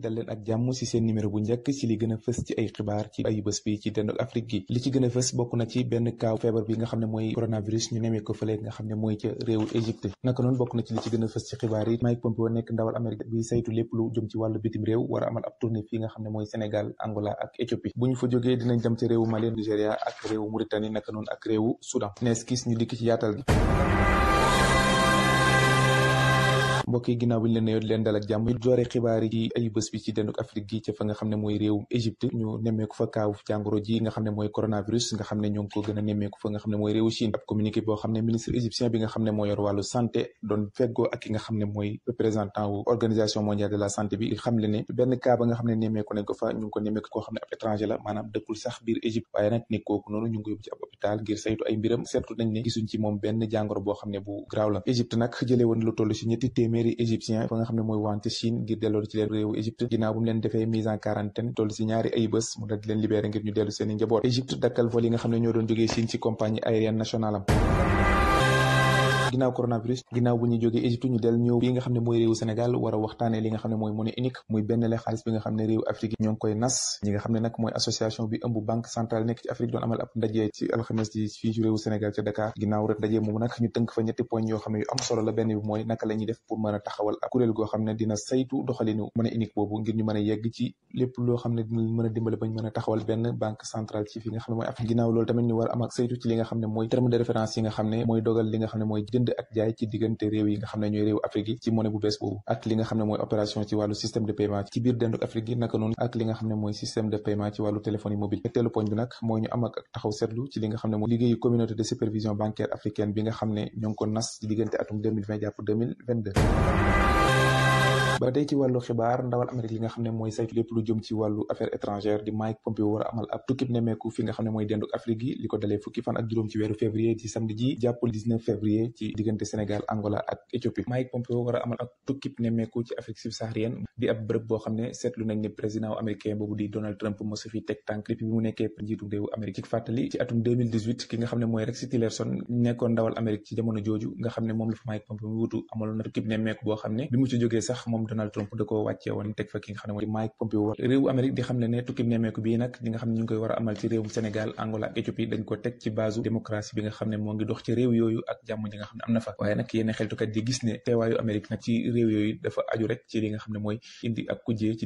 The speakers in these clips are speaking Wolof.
dal leen ak jàmm si seen numéro bu njëkk si li gën a fës ci ay xibaar ci ay bés bi ci dendok afrique gi li ci gën a fës bokk na ci benn kaaw feebar bi nga xam ne mooy coronavirus ñu nemee ko fële nga xam ne mooy ca égypte naka noonu bokk na ci li ci gën a fës ci xibaar yi Mike Pompeo nekk ndawal amérique bi saytu lépp lu jëm ci wàllu bitim réew war a amal ab tournée fii nga xam ne mooy sénégal angola ak éthiopie bu ñu fa jógee dinañ dem ci réewu mali nigéria ak réewu mauritanie naka noonu ak réewu soudan nees gis ñu dikk ci yaatal gi mbokk yi ginnaaw bi ñu leen nuyoo di leen dal ak jàmm Afrique gi fa nga xam ne mooy réewum Égypte ñu nemmeeku fa kaaw jàngoro ji nga a nemmeeku fa téeméeri égyptien fa nga xam ne mooy wante Chine ngir delloo ci leen réewu Égypte ginnaaw bu leen defee mise en quarantaine toll si ñaari ay bés mu leen libéré ngir ñu dellu seen i njaboot Égypte dakkal nga xam ne ñoo doon Chine ci compagnie aérienne nationale ginnaaw coronavirus ginnaaw bu Égypte ñu del ñëw bi nga xam ne mooy réewu Sénégal war a waxtaanee li nga xam ne mooy association bi ëmb banque centrale nekk naka la def pour mën taxawal benn banque centrale ci fi tamit ñu war a saytu ci li nga xam ne mooy terme de référence yi nga xam ne mooy dogal li nga xam ne mooy jënd ak jaay ci diggante réew yi nga xam ne ñooy réew Afrique yi ci monnaie bu bees boobu ak li nga xam ne mooy opération ci wàllu système de paiement ci biir denduk Afrique yi naka noonu ak li nga xam ne mooy système de paiement ci wàllu téléphonie mobile ñetteelu poñ bi nag mooy ñu am ak taxaw seetlu ci li nga xam ne mooy liggéeyu communauté de supervision bancaire africaine bi nga xam ne ñoo ngi ko nas ci diggante atum 2020 jàpp 2022 ba tey ci wàllu xibaar ndawal Amérique yi nga xam ne mooy saytu lépp lu jëm ci wàllu affaire étrangère di Mike Pompeo war a amal ab tukkib nemeeku fi nga xam ne mooy denduk Afrique yi li ko dalee fukki fan ak juróom ci weeru février ci samedi ji jàpp 19 février ci ci diggante Sénégal Angola ak Éthiopie Mike Pompeo wara amal ak tukkib nemmeeku ci Afrique subsaharienne di ab bërëb boo xam ne seetlu nañ ne président américain boobu di Donald Trump mosu fi teg tànk depuis bi mu nekkee njiitu réewu Amérique ci fàttali ci atum 2018 ki nga xam ne mooy Rex Tillerson nekkoon ndawal Amérique ci jamono jooju nga xam ne moom la fa Mike Pompeo wutu amaloon na tukkib nemmeeku boo xam ne bi mu ci jógee sax moom Donald Trump da ko wàccee woon teg fa ki nga xam ne mooy Mike Pompeo réewu Amérique di xam ne ne tukkib nemmeeku bii nag di nga xam ne ñu ngi koy war a amal ci réewum Sénégal Angola ak Éthiopie dañ ko teg ci base démocratie bi nga xam ne moo ngi dox ci réew yooyu ak jàmm ji nga xam am na fa waaye nag yenn xeltukat yi gis ne teewaayu Amérique nag ci réew yooyu dafa aju rek ci li nga mooy indi ak kujjee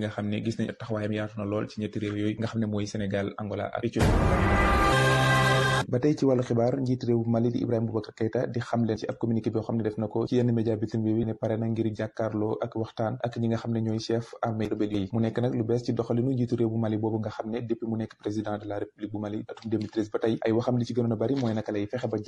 nga xam ne gis na lool ci ñetti réew yooyu nga xam ne mooy Sénégal Angola ak Éthiopie ba tey ci wàllu xibaar njiit réew xam ne def na ko ci yenn média bitim ne pare na ngir jàkkaarloo ak waxtaan ak ñi nga xam ne ñooy chef armée rebelle mu nekk nag lu bees ci doxalinu njiitu réew bu Mali boobu nga xam ne depuis mu nekk président de la république bu Mali atum 2013 ba tey a bari mooy naka ba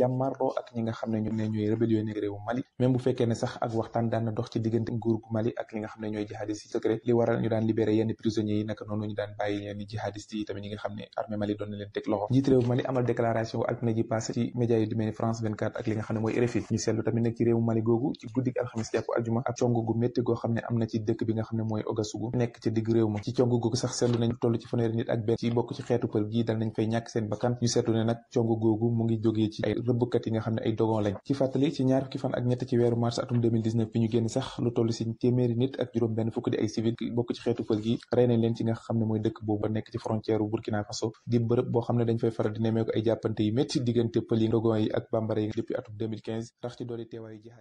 nga xamne ñoom ne ñooy rébellion nekk réewu mali même bu fekkee ne sax ak waxtaan daan dox ci diggante nguur gu mali ak li nga xam ne jihadiste secret li waral ñu daan libéré yenn prisonniers yi naka noonu ñu daan bàyyi yenn jihadiste yi tamit ñi nga armée mali doon leen loxo mali amal déclaration ji passé ci média yu france 24 ak li nga xam ne RFI ñu seetlu tamit nag ci réewu mali googu ci guddig alxamis jàpp aljuma ak cong gu métti goo xam ne ci dëkk bi nga xam ne ogasugu nekk ci digg réew ma ci cong googu sax seetlu nañ toll ci fanweeri nit ak benn ci ci dal nañ fay seen bakkan ñu ne mu ngi ci ay nga ay dogon ci fàttali ci ñaar fukki fan ak ñett ci weeru mars atum 2019 bi sax lu toll si téeméeri nit ak juróom benn fukk ay civil bokk xeetu pël gi rey nañ ci nga xam ne mooy dëkk boobu nekk ci frontière bu Burkina Faso di bërëb boo xam ne dañ fay faral di nemmeeku ay jàppante yu métti diggante pël yi dogon yi ak bambara yi depuis atum 2015 rax